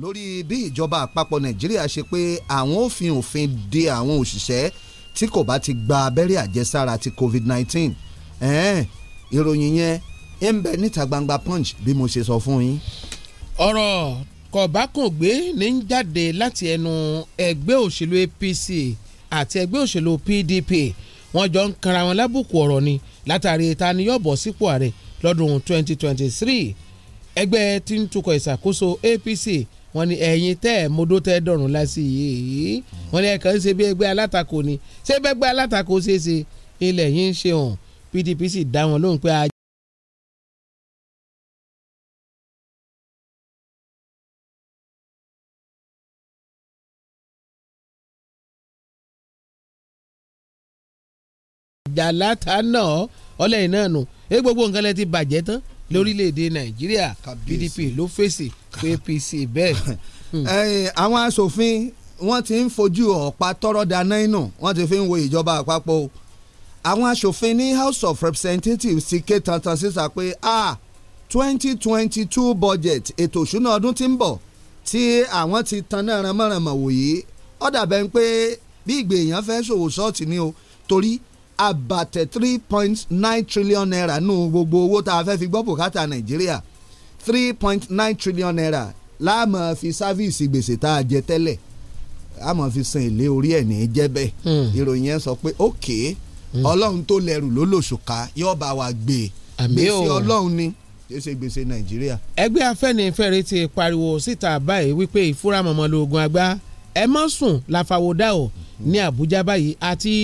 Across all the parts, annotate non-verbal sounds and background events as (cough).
lórí bí ìjọba àpapọ̀ nàìjíríà ṣe pé àwọn ò fi òfin de àwọn òṣìṣẹ́ tí kò bá ti gba abẹ́rẹ́ àjẹsára ti covid-19 ìròyìn yẹn ń bẹ níta gbangba punch bí mo ṣe sọ fún yín. ọ̀rọ̀ kọ̀bákògbé ní ń jáde láti ẹnu ẹgbẹ́ òṣèlú APC àti ẹgbẹ́ òṣèlú PDP wọ́n jọ ń kanra wọn lábùkù ọ̀rọ̀ ni látàrí ta ni yóò bọ̀ sípò ààrẹ lọ́dún 2023 ẹgbẹ́ tí ń tukọ̀ ìṣàkóso APC wọ́n ní ẹ̀yin tẹ́ ẹ̀ modó tẹ́ dọ̀rùn lásì yìí wọ́n ní ẹ̀kan ṣe bí ẹgbẹ́ alátakò ni ṣé bẹ́gbẹ́ alátakò ṣe ṣe ilẹ̀ yìí ń ṣe hàn PDP sì dá wọn lóhùn pé a. jàlátà náà ọlẹ́yìn náà nù é gbogbo nǹkan lẹ ti bàjẹ́ tán lórílẹ̀‐èdè nàìjíríà pdp ló fèsì pé apc bẹ́ẹ̀. (laughs) àwọn asòfin wọ́n ti ń fojú ọ̀pá tọ́rọ̀ dáná inú wọ́n ti fi ń wo ìjọba àpapọ̀ o àwọn asòfin ní house of representatives ti ké tantan síta pé a twenty twenty two budget ètò òṣùnà ọdún tí ń bọ̀ tí àwọn ti tanná ranmọ́ranmọ́ wòye ó dà bẹ́ẹ̀ pé bí ìgbèyàn fẹ́ ṣòwò ṣọ́ọ̀tì ni o torí àbàtẹ̀ three point nine trillion naira nù gbogbo owó tá a fẹ́ fi gbọ́ bùkátà nàìjíríà three point nine trillion naira láàmú fi sáfíìsì gbèsè tá a jẹ tẹ́lẹ̀ àmọ́ fi san èlé orí ẹ̀ ní jẹ́ hmm. ìròyìn yẹn sọ pé ókè hmm. ọlọ́run tó lẹ́rù ló lòṣùká yóò bá wa gbé e. gbèsè ọlọ́run ni kì gbèsè nàìjíríà. ẹgbẹ́ afẹ́nifẹ́re ti pariwo síta báyìí wípé ìfúramọ̀mọ́ lóògùn àgbà ẹ má sùn láfàwọ́dà o ní Àbújá báyìí àti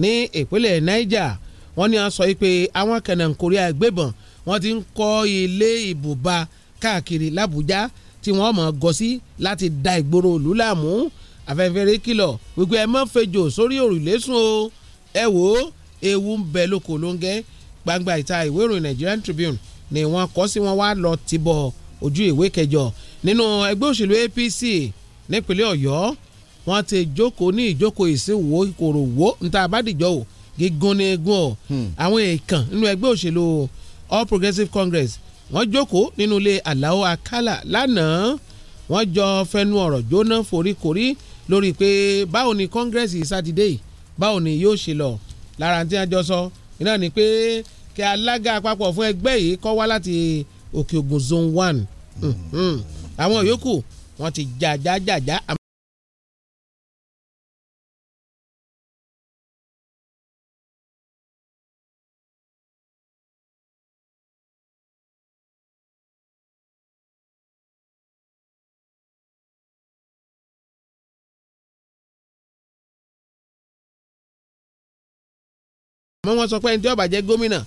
ní ìpínlẹ̀ Niger wọ́n ní a sọ pé àwọn kẹ̀nàkórí agbébọn wọ́n ti ń kọ́ ilé ìbùba káàkiri làbújá tí wọ́n mọ̀ gọ́ sí láti da ìgboro òlú láàmú afẹ́fẹ́rẹ́ kìlọ̀ wípé ẹ má fẹjọ́ sórí òrùlé o ẹ wò ó ewu ń bẹ lóko ló ń gẹ́ gbangba ìta ìwé ìròyìn Nigerian Tribune ni wọ́n kọ sí wọn wá lọ tìbọ̀ ojú ìwé kẹjọ nínú ẹgbẹ́ òṣèlú APC nípínlẹ̀ ọ̀yọ́ wọ́n ti jókòó ní ìjókòó ìsìnwó ìkòròwó níta àbádìjọ́ ò gígùn ní egun ọ̀ àwọn èèkàn nínú ẹgbẹ́ òṣèlú All Progressives Congress wọ́n jókòó nínú ilé Alao Akala lánàá wọ́n jọ fẹnu ọ̀rọ̀ jóná foríkorí lórí pé báwo ni Congress sátidé yìí báwo ni yóò ṣe lọ lára tí wọ́n jọ sọ iná ni pé kí alága àpapọ̀ fún ẹgbẹ́ yìí kó wá láti Òkè Ògùn zone one hmm. Hmm. àwọn yòókù wọ́n ti jàjàjàjà àmọ́ wọ́n sọ pé ẹni tí ó bá jẹ́ gómìnà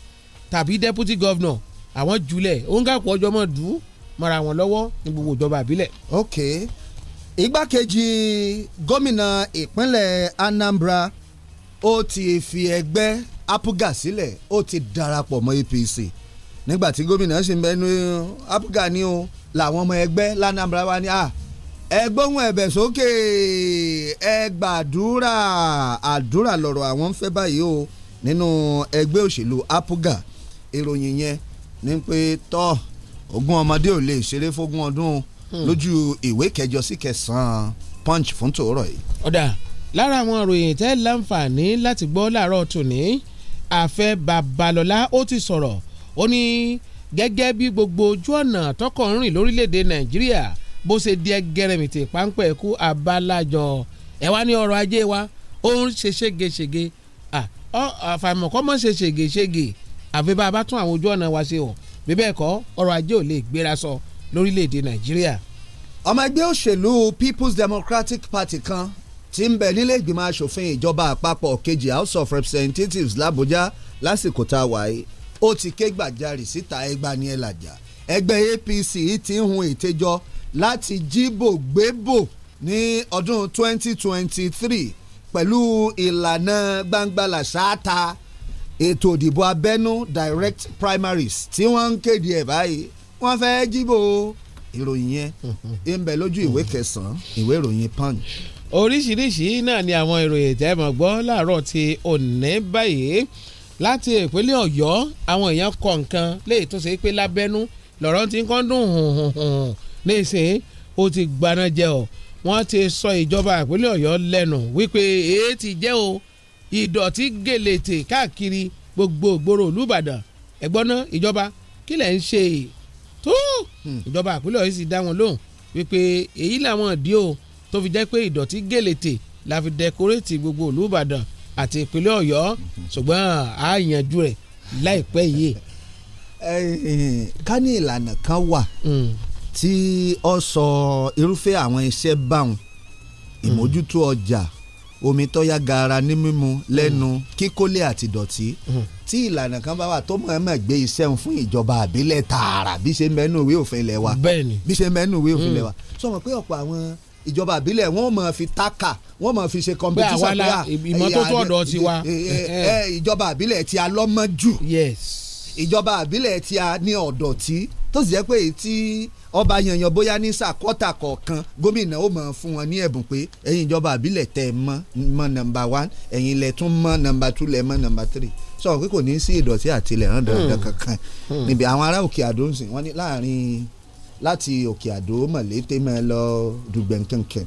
tàbí deputy governor àwọn jùlẹ̀ òun kà kú ọjọ́ mọ́ dùn mọ́ra wọn lọ́wọ́ ní gbogbo ìjọba àbílẹ̀. ok igbákejì gómìnà ìpínlẹ̀ Anambra ó ti fi ẹgbẹ́ apuga sílẹ̀ ó ti darapọ̀ mọ́ APC nígbà tí gómìnà sì ń bẹnu apuga ni o làwọn ọmọ ẹgbẹ́ lánàmúra wa ni a ẹ gbóhùn ẹ̀bẹ̀ sókè ẹ gbàdúrà àdúrà lọ̀rọ̀ àwọn ń fẹ́ báyìí o nínú ẹgbẹ́ òṣèlú apuga ìròyìn yẹn ni pé tọ́ọ̀ ogún ọmọdé ò lè ṣeré fógún ọdún hmm. lójú ìwé kẹjọ sí kẹsàn-án punch fún tòórọ̀ yìí. ọ̀dà lára àwọn òròyìn tẹ́ láǹfààní láti gbọ́ láàárọ̀ tòní àfẹ́ babalọ́lá ó ti sọ̀rọ̀ ó ní gẹ́gẹ́ bí gbogbo ojú ọ̀nà tọkọ̀ ń rìn lórílẹ̀‐èdè nàìjíríà bó ṣe di ẹgẹrẹmìtì páńpẹ́ ẹ̀kú abalajọ ẹ̀ wá ní ọrọ̀ ajé wa ó ń ṣe ṣégeṣége àfàìmọ̀kọ́mọ́ ṣe ṣégeṣége àfi bá a bá tún àwọn ojú ọ̀nà wa ṣe o bí bẹ́ẹ̀ kọ́ ọrọ̀ ajé ò lè gbéra sọ lórílẹ̀‐èdè nàìjíríà. ọmọ ẹgbẹ́ òṣèlú People's Democratic Party kan ti ń bẹ nílé ìgbìmọ̀ asòfin ìjọba àpapọ̀ kejì House of Representatives làbújá lásìkò tá a wà yìí ó ti ké gbàjarì síta ẹgbàá ni ẹ làjà ẹgbẹ́ APC ti ń hun ìtẹ́jọ́ láti jíbò gbébò ní ọdún 2023 pẹ̀lú ìlànà gbangbalà sáà ta ètò òdìbò abẹ́nú direct primaries tí wọ́n ń kéde ẹ̀ báyìí wọ́n fẹ́ jíbò ìròyìn yẹn ń bẹ lójú ìwé kẹsàn-án ìwé ìròyìn punch. oríṣiríṣi náà ni àwọn ìròyìn tẹ́ mọ̀ gbọ́ láàárọ̀ ti òní báyìí láti ìpínlẹ̀ ọ̀yọ́ àwọn èèyàn kọ̀ nǹkan léyìí tó ṣe pé lábẹ́nú lọ́rọ̀ ti ń kọ́ dùn hùhùhùn ní ó ti gbaná jẹ wọ́n ti sọ ìjọba ìpínlẹ̀ ọ̀yọ́ lẹ́nu wípé èé ti jẹ́ o ìdọ̀tí gèlètè káàkiri gbogbo ìgboro ìlú Ìbàdàn ẹ̀gbọ́n náà ìjọba kí lẹ̀ ń ṣe tó hmm. ìjọba àpilẹ̀ yìí sì dá wọn lóhùn wípé èyí làwọn ìdí o tó fi jẹ́ pé ìdọ̀tí gèlètè la fi dẹkórétì gbogbo ìlú Ìbàdàn àti ìpínlẹ̀ Ọ̀yọ́ ṣùgbọ́n a yanjú rẹ̀ láìpẹ́ yìí. ká ní ìlànà kan wà hmm. tí ó sọ irúfẹ́ àwọn iṣẹ́ báwọn hmm. ìmójútó ọjà. Mm omi tó yá gaara ní mímu mm. lẹ́nu kíkólé àti dọ̀tí mm. tí ìlànà kan bá wà tó mọ̀ọ́mọ̀ gbé iṣẹ́ ń fún ìjọba àbílẹ̀ tààrà bí ṣe mẹ́nu ìwé òfin ilẹ̀ wa bí ṣe mẹ́nu ìwé òfin ilẹ̀ mm. wa sọmọ pé ọ̀pọ̀ àwọn ìjọba àbílẹ̀ wọ́n máa fi tákà wọ́n máa fi ṣe competition pé ah, ìmọ́tótó ọ̀dọ̀ ti wa ìjọba àbílẹ̀ ti alọ́mọ́jù ìjọba àbílẹ̀ ti a ní ọ̀dọ̀tí tó sì jẹ́ pé èyí tí ọba yanyan bóyá ní sàkọ́tà kọ̀ọ̀kan gómìnà ó mọ̀ fún wọn ní ẹ̀bùn pé ẹ̀yin ìjọba àbílẹ̀ tẹ̀ mọ́ mọ́ nọmba one ẹ̀yin ilẹ̀ tún mọ́ nọmba two lẹ̀ mọ́ nọmba three sọ pé kò ní sí ìdọ̀tí àti ilẹ̀ hàn dandan hmm. kankan hmm. níbi àwọn ará òkè àdó ń sìn wọ́n ní láàrin láti òkè àdó mọ̀lété mọ́ ẹ lọ dùgbẹ̀ǹkankan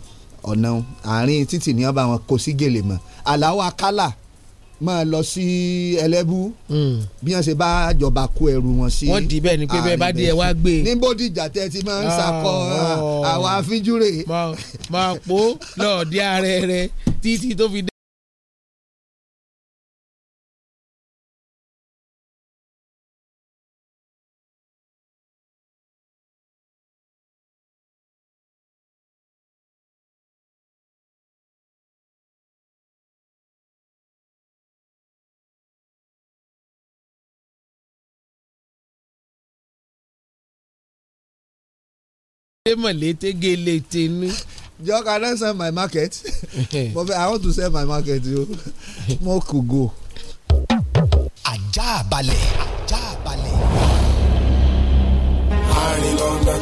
ọ̀nà àárín títì ní ọba wọn kò sí gèlè mọ́ àláwọ̀ akálà máa lọ sí ẹlẹ́bú hmm. bí wọ́n ṣe bá jọba kó ẹrù wọn sí. wọ́n di bẹ́ẹ̀ ni pé bẹ́ẹ̀ bá di ẹ wá gbé. ní bódìjà tẹ́ ti máa ń sakọ ah, oh. àwọn afínjúre. máa pò lọ́ọ̀dí ààrẹ rẹ títí tó fi dé. mọ̀lété gẹlẹ́tẹ̀ ni. jọ can I sell my market but (laughs) I want to sell my market o mo kò go. ajá balẹ̀ ajá balẹ̀ àrìlọ́nà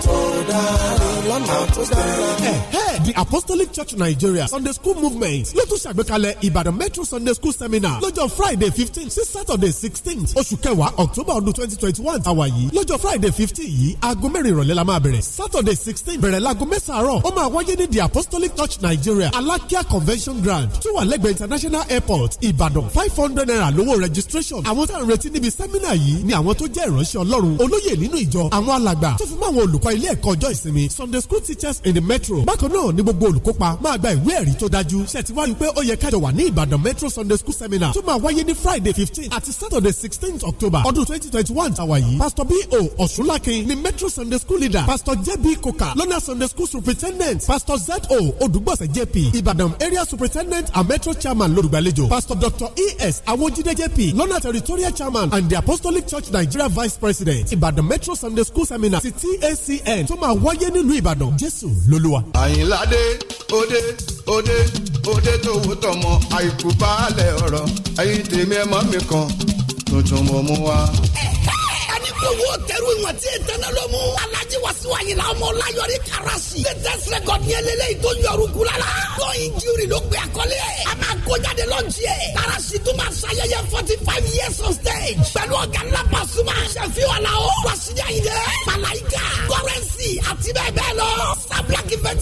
The Apostolic Church Nigeria Sunday School Movement ló tún ṣàgbékalẹ̀ Ìbàdàn Metro Sunday School Seminar lọ́jọ́ Friday fifteen sí Saturday sixteen oṣù kẹwàá October ọdún twenty twenty one tàwa yìí lọ́jọ́ Friday fifteen yìí aago mẹ́rin ìrọ̀lẹ́ la máa bẹ̀rẹ̀ Saturday sixteen bẹ̀rẹ̀ laago mẹ́sàárọ̀ ó máa wáyé ní The Apostolic Church Nigeria Alakia Convention Ground tí wà lẹ́gbẹ̀ẹ́ International Airport Ìbàdàn five hundred naira lówó registration àwọn tá à ń retí níbi sẹ́mínà yìí ni àwọn tó jẹ́ ìránṣẹ́ Ọlọ́run olóyè nínú ìjọ àwọn alàgbà gbà tó fi mọ́ àwọn olùkọ́ ilé ẹ̀kọ́ ọjọ́ ìsinmi Sunday school teachers in the metro bákan náà ni gbogbo olùkópa máa gba ìwé ẹ̀rí tó dájú ṣètìwájú pé ó yẹ kájọ wà ní Ìbàdàn metro Sunday school seminar tó máa wáyé ní Friday fifteen àti Saturday sixteen October ọdún twenty twenty one tàwa yìí Pastor B.O. Ọ̀ṣúnlákin ni metro Sunday school leader Pastor J.B. Koka lọ́nà Sunday school superintendent Pastor Z.O. Odùgbọ̀sẹ̀ J.P. Ìbàdàn area superintendent and metro chairman lórúgbàlejò Pastor Dr. E.S. Awojide J.P. lọ́nà territorial chairman and the apostolic church Nigeria vice president Ìbàdàn metro Sunday school seminar àti TACN tó máa wáyé nílùú Ìbàdàn Jésù lolúwa. Àyìnládé òde òde òde tó wù tọmọ àìkú baálẹ̀ ọ̀rọ̀ ayé tèmi ẹ̀ mọ́ mi kan tuntun mo mú wá. ẹ̀ka Owó tẹ̀rù ìwọ̀n tí ìtẹ́nẹ́ ló mú. Alájí Wàsíù Àyìnlá ọmọ Ọláyọrí Karasi. Latest record ní eléyìí tó yọrù kúrò Lọ́yìn jírí ló pe àkọlé ẹ̀. A máa kó jáde lọ́jì ẹ̀. Karasi tún máa ṣayẹyẹ forty five years on stage. Pẹ̀lú ọ̀gá ńlá Pasuma. Ṣèfì wà láwọ̀. Wàsíù Àyìndé. Màláìka. Kọ́rẹ́nsì àti bẹ́ẹ̀ bẹ́ẹ̀ lọ. Sablak event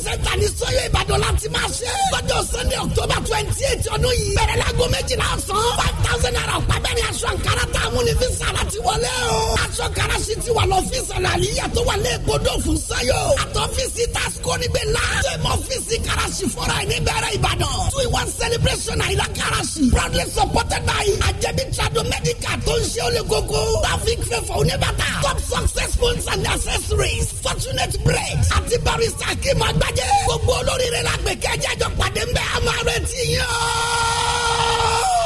thousand garasi ti wà lọ́fíìsì àlàyé tó wà lẹ́ẹ̀kọ́dọ̀ fún sayo. àtọ́fíìsì tasco níbẹ̀ la. sèmọ ọ́fíìsì garasi fọ́ra ẹ̀ ní bẹ̀rẹ̀ ìbàdàn. two in one celebration àyílá garasi. proudly supported by ajẹbi trado medical tó ń ṣe olè koko. traffic fẹ́fọ̀ oníbàtà. top success points and accessories. fortunate bread. àti barista kìmọ̀ gbajẹ. gbogbo olóríire la gbẹ̀kẹ́ jẹ́jọ́ pàdé ń bẹ́ àmọ́ rẹ̀ ti yàn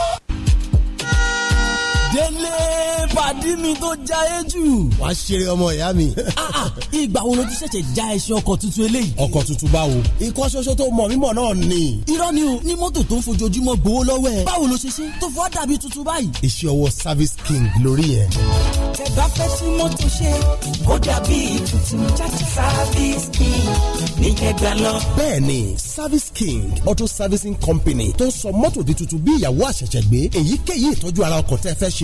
délé pàdí mi tó já e jù. wàá ṣeré ọmọ ìyá mi. (laughs) Ah, ah, ìgbà wo ló ti ṣẹ̀ṣẹ̀ já ẹṣin ọkọ̀ tuntun eléyìí. ọkọ̀ tuntun báwo. ikọ́ ṣoṣo tó mọ̀ mímọ̀ náà ni. irọ́ ni o ní mọ́tò tó ń fojoojúmọ́ gbowó lọ́wọ́ ẹ̀. báwo ló ṣe ṣe tó fọ́ dàbí tuntun báyìí. iṣẹ́ ọwọ́ service king lórí yẹn. tẹ bá fẹ́ sí mọ́tò ṣe ó dàbí tuntun service king auto servicing company tó ń sọ mọ́tò di tuntun bí ìyàwó àṣẹ̀ṣẹ̀ gbé èyíkéyìí ìtọ́jú ara ọkọ̀ tẹ́ fẹ́ ṣe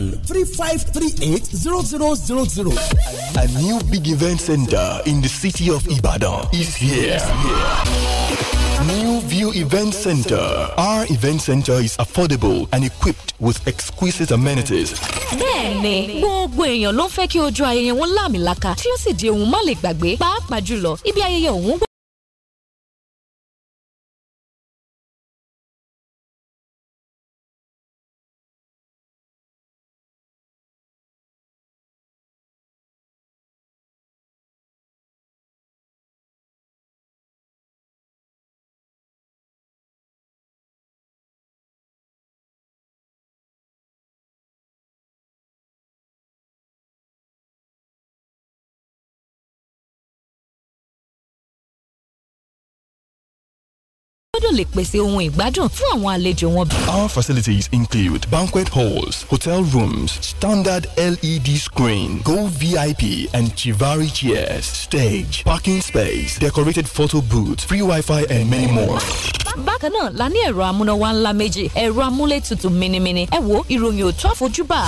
one three five three eight zero zero zero zero. A new big event center in the city of Ibadan is here. New View Event Center. Our event center is affordable and equipped with exquisite amenities. bẹ́ẹ̀ni gbogbo èèyàn ló ń fẹ́ kí ojú ayẹyẹ wọn láàmì laka tí ó sì di ohun má lè gbàgbé pàápàá jùlọ ibi ayẹyẹ òun. gbọ́dọ̀ lè pèsè ohun ìgbádùn fún àwọn àlejò wọn. Our facilities include banquet halls, hotel rooms, standard LED screen, gold VIP and Chivari chairs, stage, parking space, decorated photo booth, free Wi-Fi and many more. Bákan náà la ní ẹ̀rọ amúnáwá ńlá méjì, ẹ̀rọ amúlétutù minimini, ẹ wo ìròyìn ò tó àfojúbà.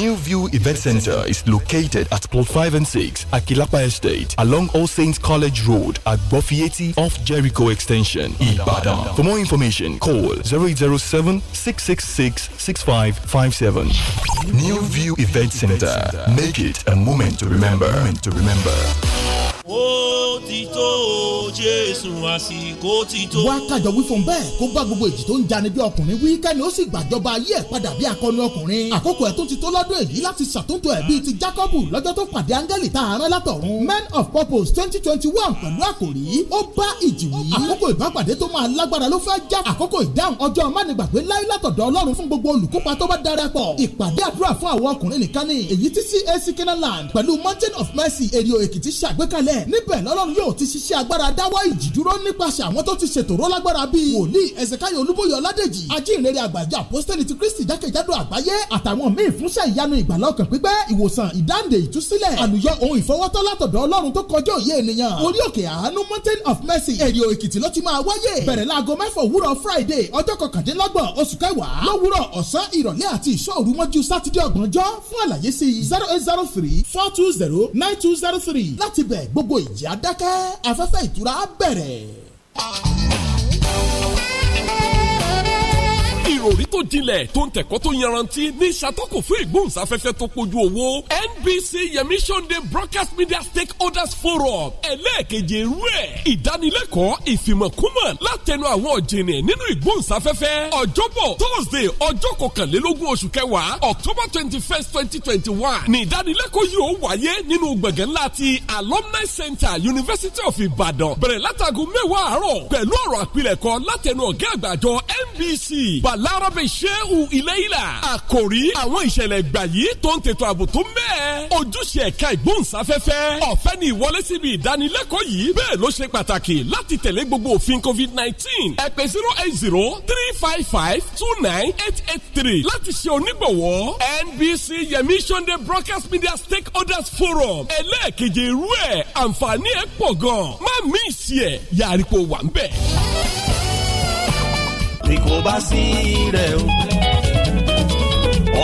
New View Event Center is located at plot five and six Akilapa Estate along All Saints College Road at Bofieti off Jericho Extension, Ibadan. For more information, call 007 666 6557. New View Event Center. Make it a moment to remember. Moment to remember. ó ti tó jésù àsìkò ti tó. wá kájọ wí fún bẹ́ẹ̀ kó bá gbogbo èjì tó ń jani bí ọkùnrin wí kẹ́ni ó sì gbàjọba ayé ẹ̀ padà bí akọni ọkùnrin. àkókò ẹ̀ tó ti tó lọ́dún èyí láti ṣàtúntò ẹ̀ bíi ti jákọ́bù lọ́jọ́ tó pàdé áńgẹ́lì tá a rán látọ̀run. men of purpose twenty twenty one pẹ̀lú àkòrí ó bá ìjì wí. àkókò ìbápàdé tó máa lágbára ló fẹ́ já. àkókò ìdáhùn ọjọ́ mánigbàgbé láyé látọ̀dọ̀ ọlọ́run fún gbogbo olùkópa tó bá darapọ̀. ìpàdé àdúrà fún àwọn ọkùnrin nìkan ni èyí tí cac kenaland pẹ̀lú mountain of mercy èrìò èkìtì ṣàgbékalẹ̀ bẹ́ẹ̀ níbẹ̀ lọ́lọ́run yóò ti ṣiṣẹ́ agbára dáwọ́ ìjì dúró nípasẹ̀ àwọn tó ti ṣètò ró lágbára bíi wòlíì ẹ̀sẹ̀káyọ̀ olúbóyè ọládèjì ajínrere àgbàjọ àpọ́sítẹ́lì ti kristi jákèjádò àgbáyé àtàwọn míì fúnṣẹ́ ìyanu ìgbàlọ́kàn pípẹ́ ìwòsàn ìdáǹdè ìtúsílẹ̀ àlùyọ ohun ìfọwọ́tọ́ látọ̀dọ̀ ọlọ́run tó kọjá òye ènìyàn orí òkè àánú mountain of mercy èrè èkìtì ló ti máa wáyé bẹ̀rẹ̀ láago mẹ́fà òwúrọ̀ friday ọjọ́ kọkàndínlọ́gbọ̀n oṣù kẹwàá lówùrọ̀ ọ̀sán ìrọ̀lẹ́ àti ìṣọ́òru mọ́jú sátidé ọgbọ̀njọ́ fún àlàyé sí zero eight zero three four two zero nine two zero three láti bẹ̀ gbogbo gbogbo ìjì á dákẹ́ afẹ́fẹ́ ìtura á bẹ̀rẹ̀. ìròrí tó jinlẹ̀ tó ń tẹ̀kọ́ tó yanrantí ní ìṣàtọ́kù fún ìgbóhùnsáfẹ́fẹ́ tó pojú owó NBC Yemi Sunday Broadcast Media Stakeholders Forum ẹlẹ́ẹ̀keje irú ẹ̀ ìdánilẹ́kọ̀ọ́ ìfìmọ̀kúmọ̀ látẹnu àwọn ọ̀jìnì nínú ìgbóhùnsáfẹ́fẹ́ ọjọ́bọ̀ Thursday ọjọ́ kọkànlélógún oṣù kẹwàá October twenty first twenty twenty one ní ìdánilẹ́kọ̀ọ́ yìí ó wáyé nínú gbọ̀ngàn ńlá Alumni Center University of Ibadan bẹ̀rẹ̀ látago mẹ́wàá àárọ̀ pẹ̀lú ọ̀rọ̀ àpilẹ̀kọ látẹnu ọ̀gá àgbàjọ NBC Bala arabi sheu ilayla àkòrí àwọn ìṣẹ̀lẹ̀ ìgbà yìí tó ń tètò ààbò tó mẹ́ẹ̀ ojúṣe ẹ̀ka ìgbóhùnsáfẹ́fẹ́ ọ̀fẹ́ ni ìwọlé síbi ìdánilẹ́kọ̀ọ́ yìí bẹ́ẹ̀ ló ṣe pàtàkì láti tẹ̀lé gbogbo òfin covid nineteen ẹ pè láti ṣe onígbọ̀wọ́ NBC Yemi Sunday Broadcast Media Stakeholders Forum ẹlẹ́ẹ̀keje irú ẹ̀ àǹfààní ẹ̀ pọ̀ gan-an má mí ìsì ẹ̀ yàrá Nicobacireu.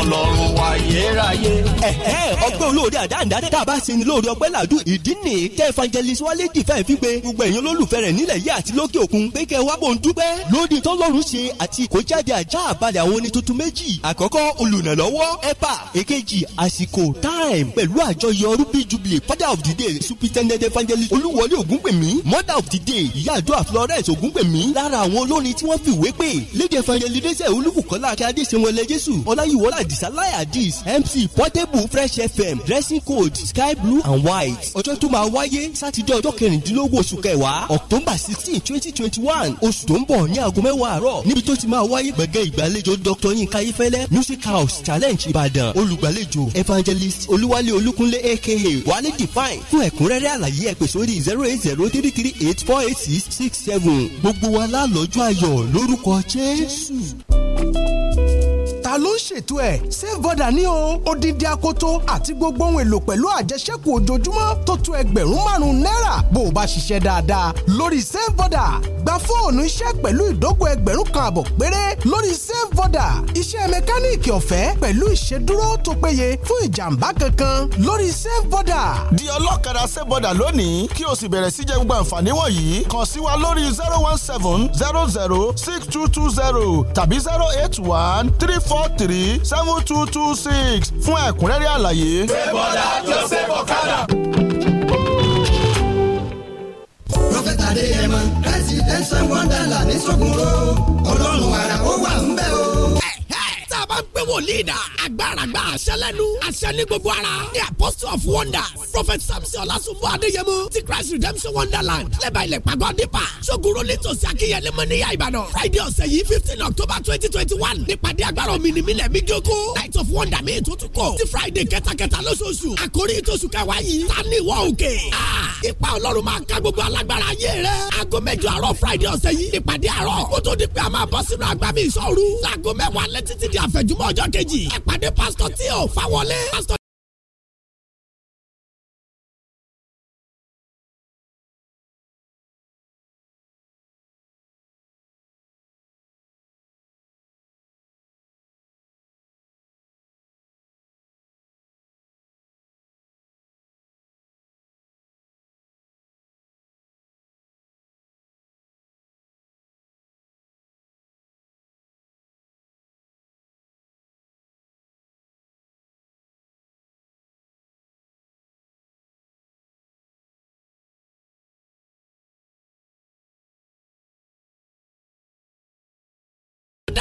ọlọ́run wa yéráyé. ẹ̀hẹ́ ọgbẹ́ olóore àdáǹdáde tá a bá sin ni lóore ọgbẹ́ làdú ìdí nìyí tẹ́ evangelist wálé dìfẹ́ fi pé gbogbo ẹ̀yin olólùfẹ́ rẹ̀ nílẹ̀ yìí àti lókè òkun pé kẹ́ wá bò ń dúpẹ́ lódì tọ́lọ́run ṣe àti ìkójáde àjá àbálẹ̀ àwọn onítùntún méjì àkọ́kọ́ olùrànlọ́wọ́ epa èkejì àsìkò time pẹ̀lú àjọyọ̀ ọrúbí jubilee father of the day superintendent evangelist olúwọlé ògúngbèmí mother of the day ìyá àdúrà florence ògúngbèmí lára àwọn olórin tí wọ́n fìwé pé lédè evangelist olúbùkọ́lá akíndésẹ̀wọlẹ̀ jésù ọláyíwọlá àdìsá láyà dis mc portable fresh fm dressing code sky blue and white ọjọ́ tó máa wáyé sátidé ọjọ́ kẹrìndínlógún oṣù kẹwàá october sixteen twenty twenty one oṣù tó ń bọ̀ ní aago mẹ́wàá àárọ̀ níbi tó ti máa wáyé gbẹ̀gẹ́ ìgbàlejò dr yinka ifẹ̀lẹ́ music house challenge ìbàdàn olùgbàlejò evangelist olúwalé olúkúnlé aka wálé define fún ẹ̀kúnrẹ́rẹ́ àlàyé ẹ pè sórí zero eight zero three three eight four eight six six seven gbogbo wa lálọ́jọ́ ayọ̀ lórúkọ jésù ta ló ń ṣètò ẹ̀ Safe Border ní o odidi akoto àti gbogbo ohun èlò pẹ̀lú àjẹsẹ́kù ojoojúmọ́ tó tó ẹgbẹ̀rún márùn-ún náírà bó o bá ṣiṣẹ́ dáadáa lórí Safe Border gba fóònù iṣẹ́ pẹ̀lú ìdógò ẹgbẹ̀rún kan àbọ̀ péré lórí save Border iṣẹ́ mẹkáníìkì ọ̀fẹ́ pẹ̀lú ìṣedúró tó péye fún ìjàmbá kankan lórí Safe Border. di ọlọ́kadà Safe Border lónìí kí o sì bẹ̀rẹ̀ sí jẹ gbogbo àǹfààní wọ̀nyí kàn sí wa lórí zero one seven zero zero six two two zero tàbí zero eight one three four oh three seven two two six fún ẹ̀kúnrẹ́rẹ́ àlàyé. ṣé bọ́dà jọ́sẹ̀ bọ̀kadà. prọfẹ̀tà adéyẹmọ president wonderland ní sọ́gun ro ọlọ́run àrà wà ń bẹ̀ o pé wòlíì dà agbára gbà aṣẹ́lẹ́nu aṣẹ́ ní gbogbo ara ní apostle of Wonder, prophet samson ọlásùnfọ́ adéyẹmọ ti christ redemption wonderland lẹ́bà ilẹ̀ pàgọ́ dípà ṣogoro nítòsí akínyẹlé mọ́ níyà ìbàdàn friday ọ̀sẹ̀ yìí fifteen october twenty twenty one nípàdé agbára omi mi gígó night of wonder mi tó tún kọ̀ ti friday kẹtàkẹtà lóṣooṣù àkórí ìtòsù kẹwàá yìí ta ní ìwọ òkè ah, ipa ọlọ́run máa ká gbogbo alágbára ayé rẹ̀ aago mẹ́jọ àárọ̀ friday ọ̀sẹ̀ yìí nípàdé àárọ̀ kó tó di pé a máa bọ́ sínú agbami ìṣòru aago di àfẹ̀júmọ́ ọjọ́ kejì ẹ pàdé pásítọ̀ tí ò fáwọlé pásítọ̀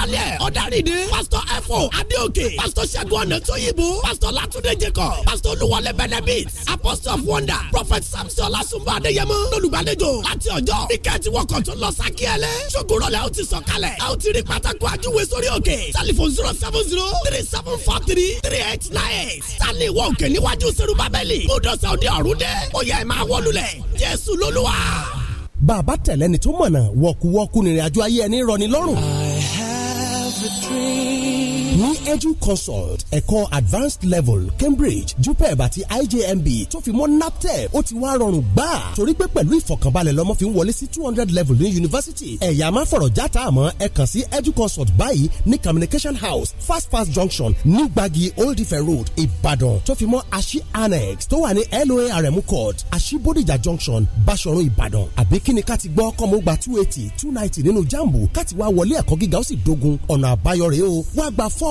dálẹ̀ ọ̀dàrídì pásítọ̀ ẹ̀fọ́ adéòkè pásítọ̀ ṣẹ́gun ọ̀nà tóyìnbó pásítọ̀ látúndé jacob pásítọ̀ olúwọlé benedict apostle of wonder prophet samson ọlásùnbọ̀ adéyẹmọ lọ́lùgbàlejò láti ọjọ́ tíkẹ́ẹ̀tì wọkọ̀ tó lọ sákíẹ́lẹ́ ṣògùrọ̀lẹ̀ ó ti sọ̀kalẹ̀ ó ti rí pátákó ajúwe sórí òkè tẹlifon zero seven zero three seven four three three eight nine eight tani ìwọ òkè níwájú sẹ́rù bábẹ́lì ó dọ̀sẹ̀ òde ọ̀run dẹ́ ó yẹ ẹ̀ máa wọlúlẹ̀ jésù lólúwa bàbá tẹ̀lẹ́ni tó mọ̀nà wọ̀kúwọ́kú nìrìn àjò ayé ẹni rọ̀ ní lọ́rùn. We. ní edu consult ẹ̀kọ́ advanced level cambridge jupeb àti ijmb tó fi mọ́ naptep ó ti wá rọrùn gbà torí pé pẹ̀lú ìfọ̀kànbalẹ̀ lọ́mọ fi ń wọlé sí two hundred level ní yunifásitì ẹ̀yà máa fọ̀rọ̀ játa àmọ́ ẹ kàn sí edu consult báyìí ní communication house fast Fast junction ní gbagi old ife road ìbàdàn tó fi mọ́ aṣí annex tó wà ní loarm court aṣí bodijà junction basọ̀run ìbàdàn àbí ni ká ti gbọ́ kọ́mọ́ gba two eighty two ninety nínú jambu ká ti wá wọlé ẹ̀kọ́ gíga ó sì dogun ọ̀nà àbáyọ rèé o